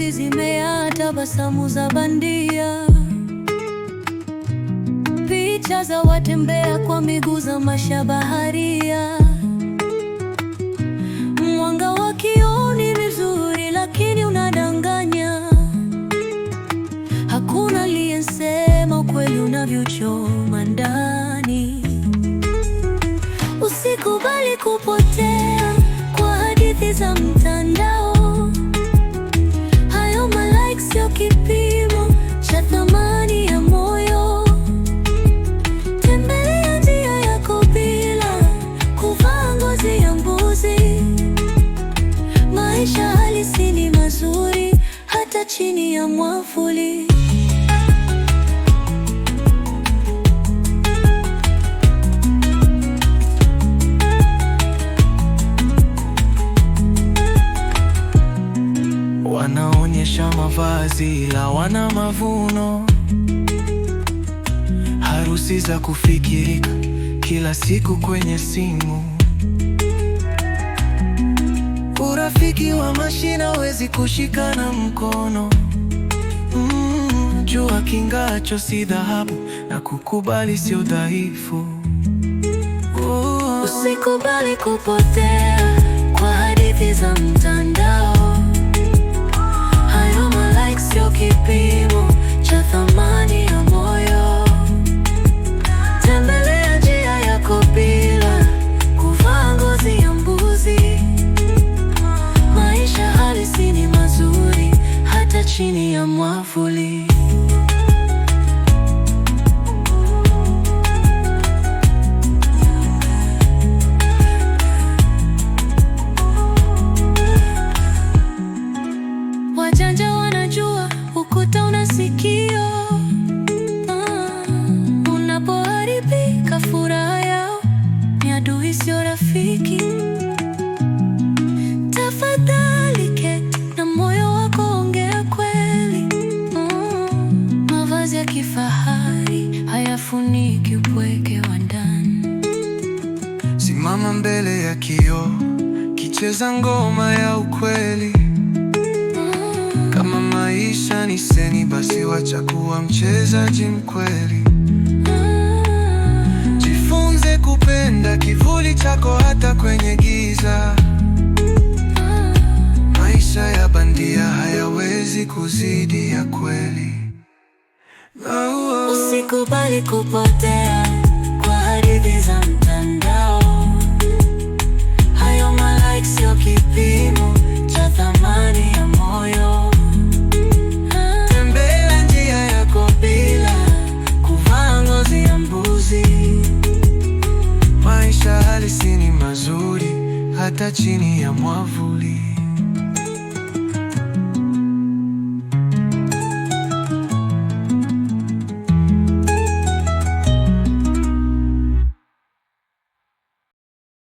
simulizi zimea tabasamu za bandia, picha za watembea kwa miguu za mashabaharia. Mwanga wa kioo ni mzuri, lakini unadanganya. Hakuna aliyesema ukweli unavyochoma ndani. Usikubali kupotea kwa hadithi za ya mwavuli. Wanaonyesha mavazi, la wana mavuno, harusi za kufikirika kila siku kwenye simu, urafiki wa mashina, wezi kushikana mkono. Mm, jua kingacho si dhahabu na kukubali si udhaifu. Oh. usikubali kupotea kwa hadithi za mtandao. Hayo malike sio kipimo. chini ya mwavuli. Wajanja wanajua, ukuta unasikia kifahari hayafuniki upweke wa ndani. Simama mbele ya kioo, kicheza ngoma ya ukweli. Kama maisha ni seni, basi wacha kuwa mchezaji mkweli. Jifunze kupenda kivuli chako hata kwenye giza. Maisha ya bandia hayawezi kuzidi ya kweli. Usikubali kupotea kwa hadithi za mtandao. Hayo malike sio kipimo cha thamani ya moyo. Tembea njia yako bila kuvaa ngozi ya mbuzi. Maisha halisi ni mazuri hata chini ya mwavuli.